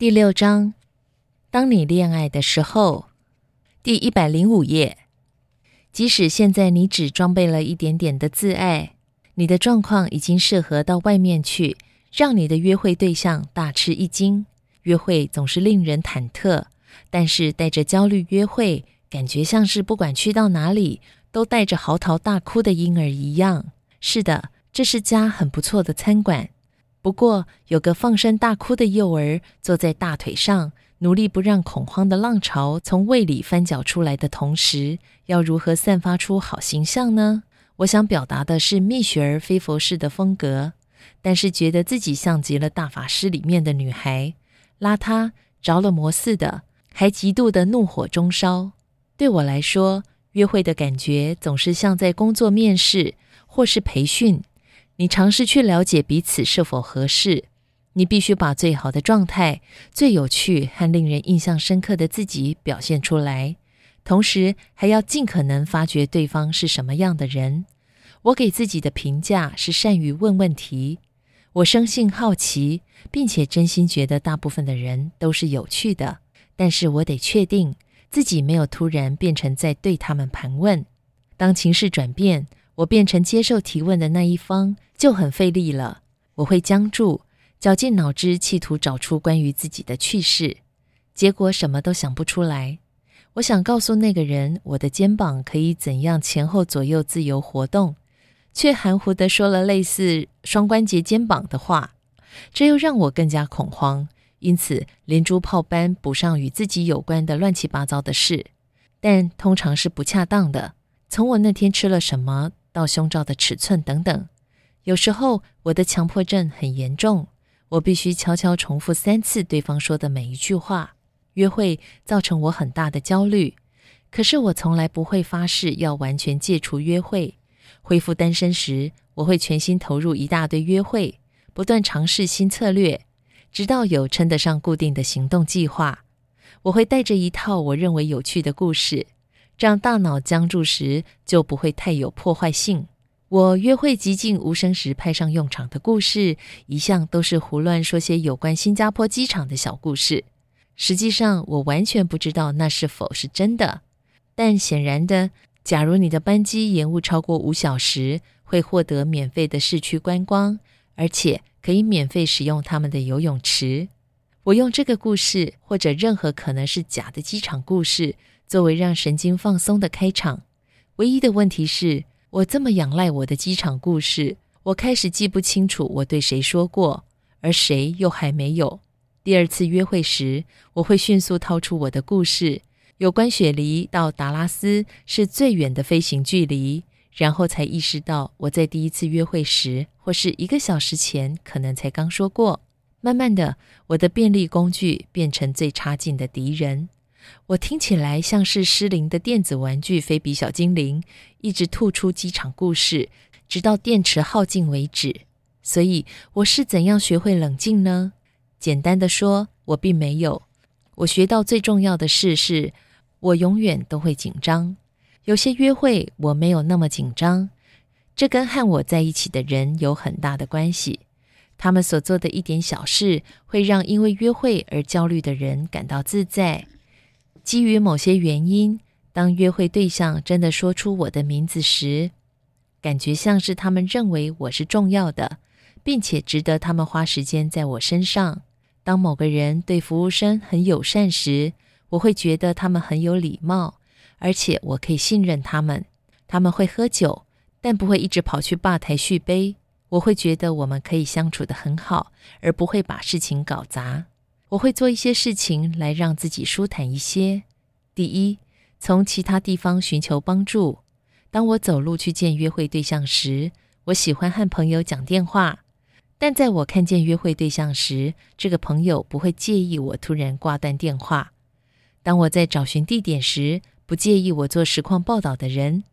第六章，當你戀愛的時候，第一百零五頁。即使現在你只裝備了一點點的自愛，你的狀況已經適合到外面去，讓你的約會對象大吃一驚。約會總是令人忐忑，但是帶着焦慮約會，感覺像是不管去到哪裡，都帶着嚎啕大哭的嬰兒一樣。是的，這是家很不錯的餐館。不過，有個放聲大哭的幼兒坐在大腿上，努力不讓恐慌的浪潮從胃裡翻攪出來的同時，要如何散發出好形象呢？我想表達的是蜜雪兒·菲佛式的風格，但是覺得自己像極了《大法師》裡面的女孩，邋遢着了魔似的，還極度的怒火中燒。對我來說，約會的感覺總是像在工作面試或是培訓。你嘗試去了解彼此是否合適，你必須把最好的狀態、最有趣和令人印象深刻的自己表現出來，同時還要盡可能發掘對方是什麼樣的人。我給自己的評價是善於問問題，我生性好奇，並且真心覺得大部分的人都是有趣的。但是我得確定自己沒有突然變成在對他們盤問。當情勢轉變，我變成接受提問的那一方就很費力了，我會僵住，絞盡腦汁，企圖找出關於自己的趣事，結果什麼都想不出來。我想告訴那個人我的肩膀可以怎樣前後左右自由活動，卻含糊地說了類似雙關節肩膀的話，這又讓我更加恐慌，因此連珠炮般補上與自己有關的亂七八糟的事，但通常是不恰當的。從我那天吃了什麼。到胸罩的尺寸等等。有時候我的強迫症很嚴重，我必須悄悄重複三次對方說的每一句話。約會造成我很大的焦慮，可是我從來不會發誓要完全戒除約會。恢復單身時，我會全心投入一大堆約會，不斷嘗試新策略，直到有稱得上固定的行動計劃。我會帶着一套我認為有趣的故事。讓大腦僵住時，就不會太有破壞性。我約會寂靜無聲時派上用場的故事，一向都是胡亂說些有關新加坡機場的小故事。實際上，我完全不知道那是否是真的。但顯然的，假如你的班機延誤超過五小時，會獲得免費的市區觀光，而且可以免費使用他們的游泳池。我用這個故事，或者任何可能是假的機場故事，作為讓神經放鬆的開場，唯一的問題是我這麼仰賴我的機場故事，我開始記不清楚我對誰說過，而誰又還沒有。第二次約會時，我會迅速掏出我的故事，有關雪梨到達拉斯是最遠的飛行距離，然後才意識到我在第一次約會時，或是一個小時前可能才剛說過。慢慢的，我的便利工具變成最差勁的敵人。我聽起來像是失靈的電子玩具菲比小精靈，一直吐出機場故事，直到電池耗盡為止。所以我是怎樣學會冷靜呢？簡單的說，我並沒有。我學到最重要的事是，我永遠都會緊張。有些約會我沒有那麼緊張，這跟和我在一起的人有很大的關係。他們所做的一點小事，會讓因為約會而焦慮的人感到自在。基於某些原因，當約會對象真的說出我的名字時，感覺像是他們認為我是重要的，並且值得他們花時間在我身上。當某個人對服務生很友善時，我會覺得他們很有禮貌，而且我可以信任他們。他們會喝酒，但不會一直跑去吧台續杯。我會覺得我們可以相處得很好，而不會把事情搞砸。我會做一些事情來讓自己舒坦一些。第一，從其他地方尋求幫助。當我走路去見約會對象時，我喜歡和朋友講電話。但在我看見約會對象時，這個朋友不會介意我突然掛斷電話。當我在找尋地點時，不介意我做實況報道的人。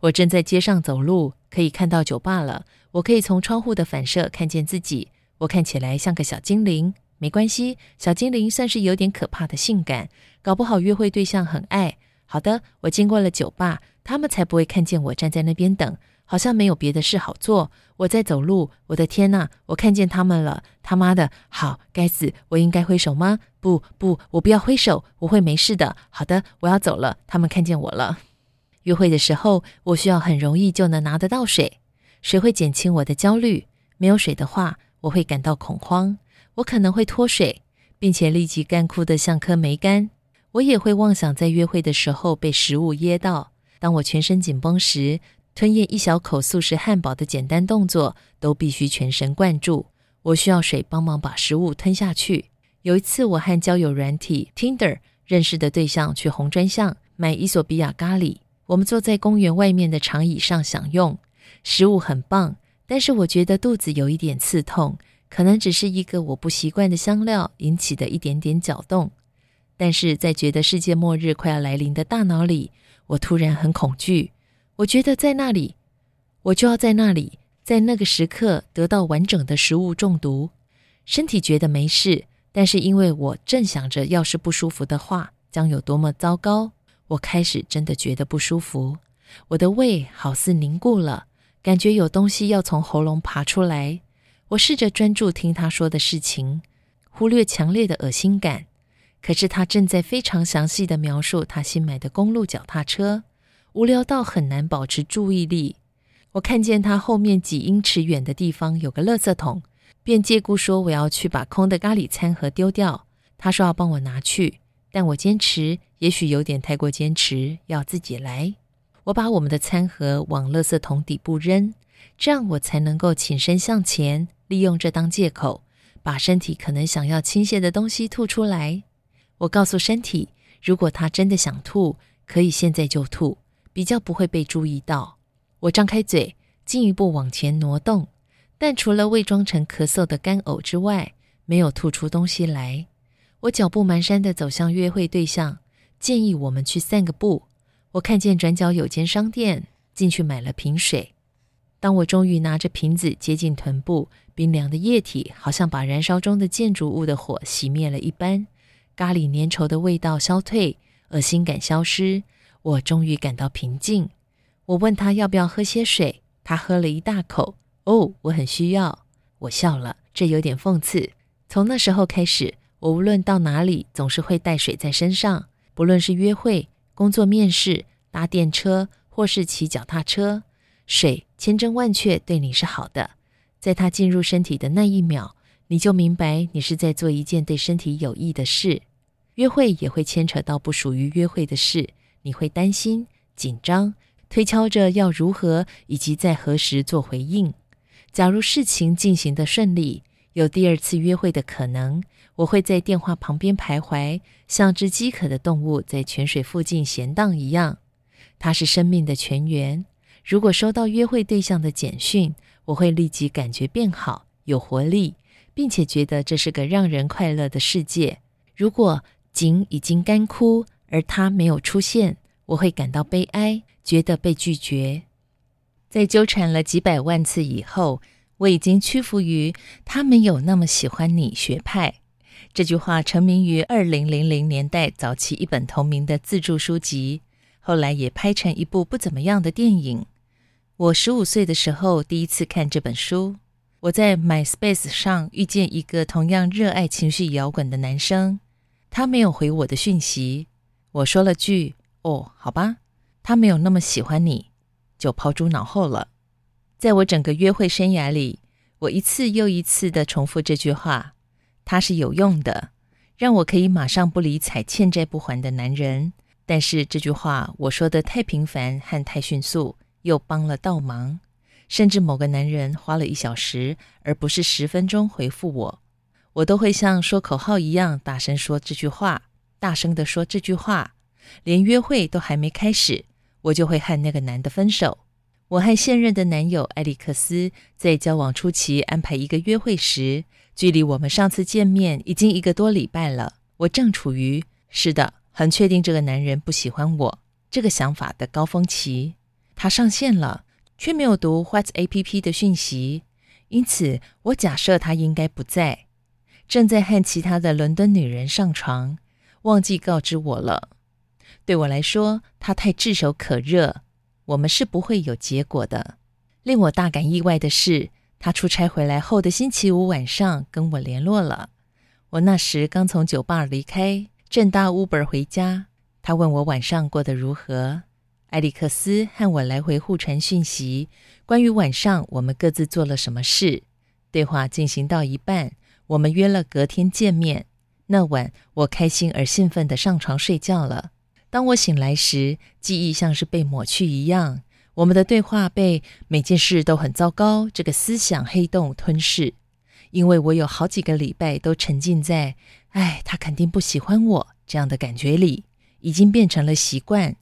我正在街上走路，可以看到酒吧了。我可以從窗戶的反射看見自己，我看起來像個小精靈。沒關係，小精靈算是有點可怕的性感，搞不好約會對象很愛。好的，我經過了酒吧，他們才不會看見我站在那邊等。好像沒有別的事好做，我在走路。我的天哪，我看見他們了！他媽的，好，該死，我應該揮手嗎？不不，我不要揮手，我會沒事的。好的，我要走了。他們看見我了。約會的時候，我需要很容易就能拿得到水，水會減輕我的焦慮。沒有水的話，我會感到恐慌。我可能會脫水，並且立即乾枯得像顆梅乾。我也會妄想在約會的時候被食物噎到。當我全身緊繃時，吞咽一小口素食漢堡的簡單動作都必須全神貫注。我需要水幫忙把食物吞下去。有一次，我和交友軟體 Tinder 認識的對象去紅磚巷買伊索比亞咖喱。我們坐在公園外面的長椅上享用。食物很棒，但是我覺得肚子有一點刺痛。可能只是一個我不習慣的香料引起的一點點攪動，但是在覺得世界末日快要來臨的大腦裡，我突然很恐懼。我覺得在那裡，我就要在那裡，在那個時刻得到完整的食物中毒。身體覺得沒事，但是因為我正想着要是不舒服的話將有多麼糟糕，我開始真的覺得不舒服。我的胃好似凝固了，感覺有東西要從喉嚨爬出來。我試着專注聽他說的事情，忽略強烈的惡心感。可是他正在非常詳細地描述他新買的公路腳踏車，無聊到很難保持注意力。我看見他後面幾英尺遠的地方有個垃圾桶，便借故說我要去把空的咖喱餐盒丟掉。他說要幫我拿去，但我堅持，也許有點太過堅持，要自己來。我把我們的餐盒往垃圾桶底部扔。這樣我才能夠起身向前，利用這當借口，把身體可能想要傾瀉的東西吐出來。我告訴身體，如果它真的想吐，可以現在就吐，比較不會被注意到。我張開嘴，進一步往前挪動，但除了偽裝成咳嗽的乾嘔之外，沒有吐出東西來。我腳步蹣跚地走向約會對象，建議我們去散個步。我看見轉角有間商店，進去買了瓶水。當我終於拿着瓶子接近臀部，冰涼的液體好像把燃燒中的建築物的火熄滅了一般，咖喱粘稠的味道消退，噁心感消失，我終於感到平靜。我問他要不要喝些水，他喝了一大口。哦，我很需要。我笑了，這有點諷刺。從那時候開始，我無論到哪裡總是會帶水在身上，不論是約會、工作面試、搭電車，或是騎腳踏車，水。千真萬確，對你是好的。在他進入身體的那一秒，你就明白你是在做一件對身體有益的事。約會也會牽扯到不屬於約會的事，你會擔心、緊張，推敲着要如何以及在何時做回應。假如事情進行得順利，有第二次約會的可能，我會在電話旁邊徘徊，像只飢渴的動物在泉水附近閒蕩一樣。它是生命的泉源。如果收到約會對象的簡訊，我會立即感覺變好、有活力，並且覺得這是個讓人快樂的世界。如果井已經乾枯而他沒有出現，我會感到悲哀，覺得被拒絕。在糾纏了幾百萬次以後，我已經屈服於他沒有那麼喜歡你學派。這句話成名於二零零零年代早期一本同名的自助書籍，後來也拍成一部不怎麼樣的電影。我十五歲的時候第一次看這本書。我在 MySpace 上遇見一個同樣熱愛情緒搖滾的男生，他沒有回我的訊息。我說了句：“哦，好吧。”他沒有那麼喜歡你，就拋諸腦後了。在我整個約會生涯裡，我一次又一次的重複這句話，它是有用的，讓我可以馬上不理睬欠債不還的男人。但是這句話我說的太頻繁和太迅速。又幫了倒忙，甚至某個男人花了一小時而不是十分鐘回復我，我都會像說口號一樣大聲說這句話，大聲地說這句話。連約會都還沒開始，我就會和那個男的分手。我和現任的男友艾利克斯在交往初期安排一個約會時，距離我們上次見面已經一個多禮拜了。我正處於是的，很確定這個男人不喜歡我這個想法的高峰期。他上線了，卻沒有讀 WhatsApp 的訊息，因此我假設他應該不在，正在和其他的倫敦女人上床，忘記告知我了。對我來說，他太炙手可熱，我們是不會有結果的。令我大感意外的是，他出差回來後的星期五晚上跟我聯絡了。我那時剛從酒吧離開，正搭 Uber 回家，他問我晚上過得如何。艾利克斯和我來回互傳訊息，關於晚上我們各自做了什麼事。對話進行到一半，我們約了隔天見面。那晚我開心而興奮地上床睡覺了。當我醒來時，記憶像是被抹去一樣，我們的對話被每件事都很糟糕這個思想黑洞吞噬。因為我有好幾個禮拜都沉浸在“哎，他肯定不喜歡我”這樣的感覺裡，已經變成了習慣。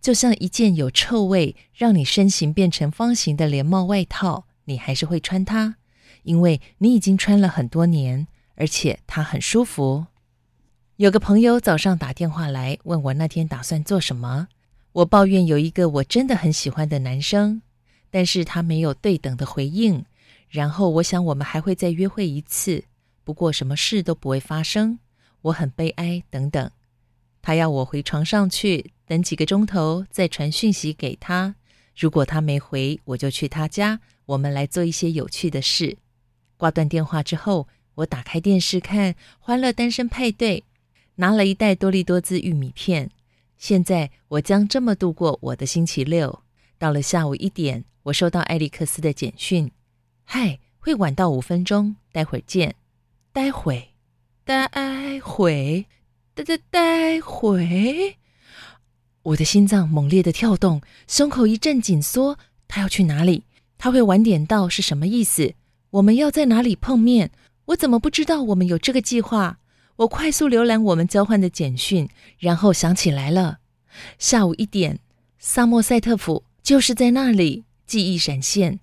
就像一件有臭味、讓你身形變成方形的連帽外套，你還是會穿它，因為你已經穿了很多年，而且它很舒服。有個朋友早上打電話來問我那天打算做什麼，我抱怨有一個我真的很喜歡的男生，但是他沒有對等的回應，然後我想我們還會再約會一次，不過什麼事都不會發生，我很悲哀等等。他要我回床上去，等幾個鐘頭再傳訊息給他。如果他沒回，我就去他家，我們來做一些有趣的事。掛斷電話之後，我打開電視看《歡樂單身派對》，拿了一袋多力多滋玉米片。現在我將這麼度過我的星期六。到了下午一點，我收到艾利克斯的簡訊：“嗨，會晚到五分鐘，待會兒見。”待會，待會。待待待回，我的心臟猛烈的跳動，胸口一陣緊縮。他要去哪裡？他會晚點到是什麼意思？我們要在哪裡碰面？我怎麼不知道我們有這個計劃？我快速瀏覽我們交換的簡訊，然後想起來了。下午一點，薩默塞特府，就是在那裡。記憶閃現。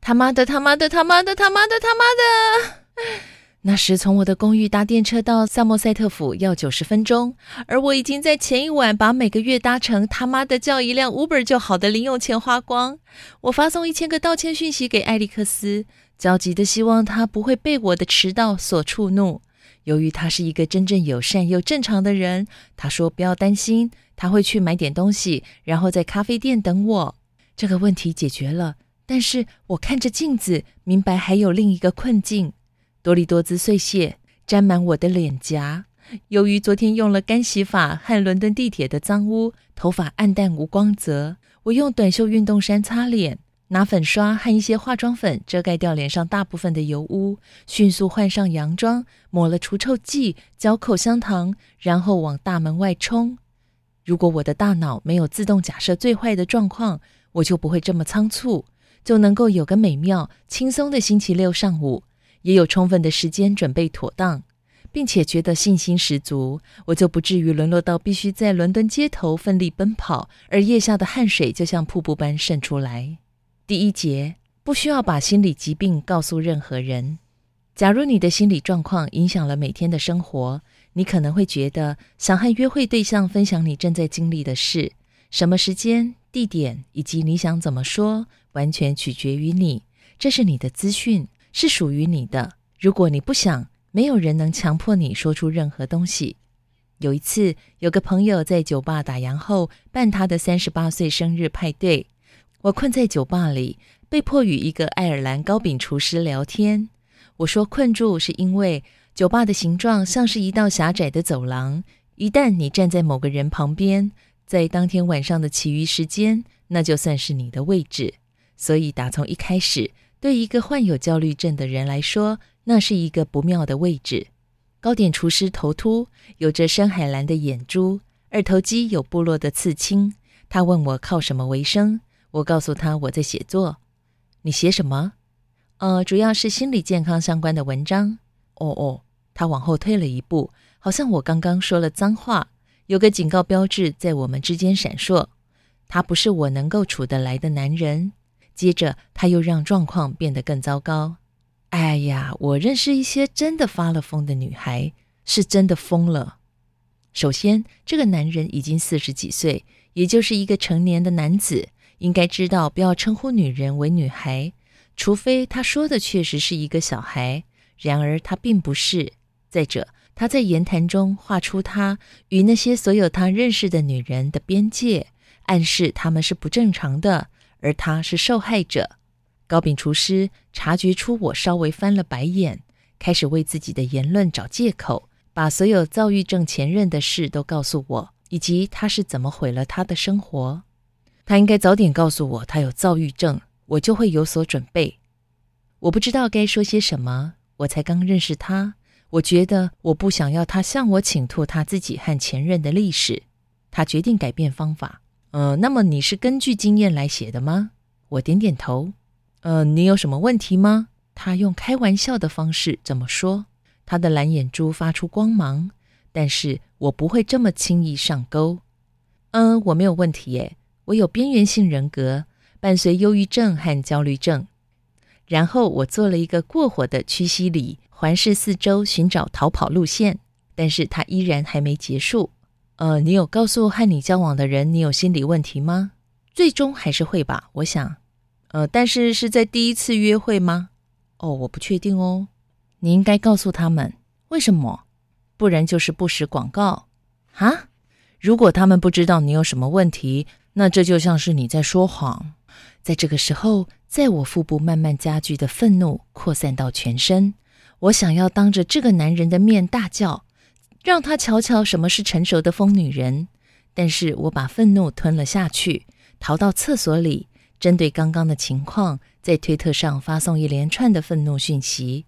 他媽的、他媽的、他媽的、他媽的、他媽的！那時，從我的公寓搭電車到薩默塞特府要九十分鐘，而我已經在前一晚把每個月搭乘他媽的叫一輛 Uber 就好的零用錢花光。我發送一千個道歉訊息給艾利克斯，焦急的希望他不會被我的遲到所觸怒。由於他是一個真正友善又正常的人，他說不要擔心，他會去買點東西，然後在咖啡店等我。這個問題解決了，但是我看着鏡子，明白還有另一個困境。多力多滋碎屑沾滿我的臉頰。由於昨天用了乾洗法和倫敦地鐵的髒污，頭髮暗淡無光澤。我用短袖運動衫擦臉，拿粉刷和一些化妝粉遮蓋掉臉上大部分的油污。迅速換上洋裝，抹了除臭劑，嚼口香糖，然後往大門外衝。如果我的大腦沒有自動假設最壞的狀況，我就不會這麼倉促，就能夠有個美妙輕鬆的星期六上午。也有充分的時間準備妥當，並且覺得信心十足，我就不至於淪落到必須在倫敦街頭奮力奔跑，而腋下的汗水就像瀑布般滲出來。第一節，不需要把心理疾病告訴任何人。假如你的心理狀況影響了每天的生活，你可能會覺得想和約會對象分享你正在經歷的事，什麼時間、地點以及你想怎麼說，完全取決於你。這是你的資訊。是屬於你的。如果你不想，沒有人能強迫你說出任何東西。有一次，有個朋友在酒吧打烊後辦他的三十八歲生日派對，我困在酒吧裡，被迫與一個愛爾蘭糕餅廚師聊天。我說“困住”是因為酒吧的形狀像是一道狹窄的走廊，一旦你站在某個人旁邊，在當天晚上的其餘時間，那就算是你的位置。所以，打從一開始。對一個患有焦慮症的人來說，那是一個不妙的位置。糕點廚師頭禿，有着深海藍的眼珠，二頭肌有部落的刺青。他問我靠什麼為生，我告訴他我在寫作。你寫什麼？呃，主要是心理健康相關的文章。哦哦，他往後退了一步，好像我剛剛說了髒話。有個警告標志在我們之間閃爍。他不是我能夠處得來的男人。接着，他又讓狀況變得更糟糕。哎呀，我認識一些真的發了瘋的女孩，是真的瘋了。首先，這個男人已經四十幾歲，也就是一個成年的男子，應該知道不要稱呼女人為女孩，除非她說的確實是一個小孩。然而，她並不是。再者，他在言談中畫出他與那些所有他認識的女人的邊界，暗示他們是不正常的。而他是受害者。糕餅廚師察覺出我稍微翻了白眼，開始為自己的言論找借口，把所有躁鬱症前任的事都告訴我，以及他是怎麼毀了他的生活。他應該早點告訴我他有躁鬱症，我就會有所準備。我不知道該說些什麼。我才剛認識他，我覺得我不想要他向我傾吐他自己和前任的歷史。他決定改變方法。呃，那麼你是根據經驗來寫的嗎？我點點頭。呃，你有什麼問題嗎？他用開玩笑的方式這麼說。他的藍眼珠發出光芒，但是我不會這麼輕易上鈎。嗯、呃，我沒有問題耶。我有邊緣性人格，伴隨憂鬱症和焦慮症。然後我做了一個過火的屈膝禮，環視四周尋找逃跑路線，但是他依然還沒結束。呃，你有告訴和你交往的人你有心理問題嗎？最終還是會吧，我想。呃，但是是在第一次約會嗎？哦，我不確定哦。你應該告訴他們為什麼，不然就是不實廣告啊！如果他們不知道你有什麼問題，那這就像是你在說謊。在這個時候，在我腹部慢慢加劇的憤怒擴散到全身，我想要當着這個男人的面大叫。讓他瞧瞧什麼是成熟的瘋女人，但是我把憤怒吞了下去，逃到廁所裡。針對剛剛的情況，在推特上發送一連串的憤怒訊息。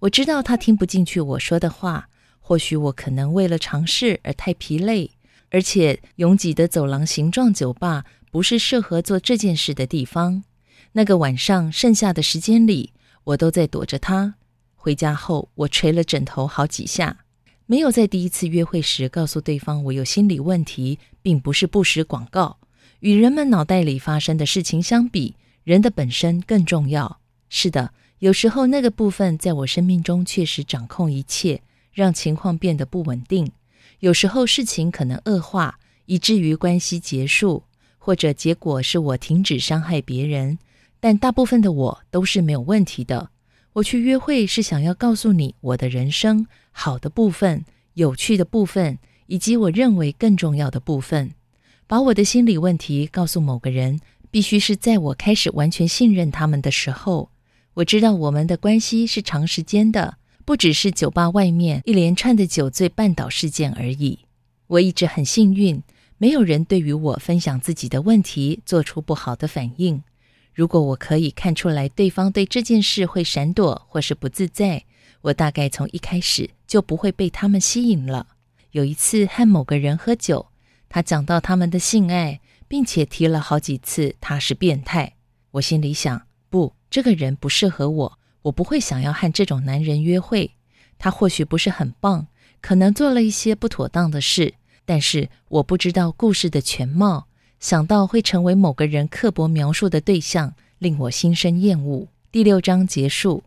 我知道他聽不進去我說的話，或許我可能為了嘗試而太疲累，而且擁擠的走廊或是酒吧不是適合做這件事的地方。那個晚上剩下的時間裡，我都在躲着他。回家後，我捶了枕頭好幾下。沒有在第一次約會時告訴對方我有心理問題，並不是不實廣告。與人們腦袋裡發生的事情相比，人的本身更重要。是的，有時候那個部分在我生命中確實掌控一切，讓情況變得不穩定。有時候事情可能惡化，以至於關係結束，或者結果是我停止傷害別人。但大部分的我都是沒有問題的。我去約會是想要告訴你我的人生。好的部分、有趣的部分，以及我認為更重要的部分。把我的心理問題告訴某個人，必須是在我開始完全信任他們的時候。我知道我們的關係是長時間的，不只是酒吧外面一連串的酒醉絆倒事件而已。我一直很幸運，沒有人對於我分享自己的問題做出不好的反應。如果我可以看出來對方對這件事會閃躲或是不自在，我大概從一開始。就不會被他們吸引了。有一次和某個人喝酒，他講到他們的性愛，並且提了好幾次他是變態。我心裡想，不，這個人不適合我，我不會想要和這種男人約會。他或許不是很棒，可能做了一些不妥當的事，但是我不知道故事的全貌。想到會成為某個人刻薄描述的對象，令我心生厭惡。第六章結束。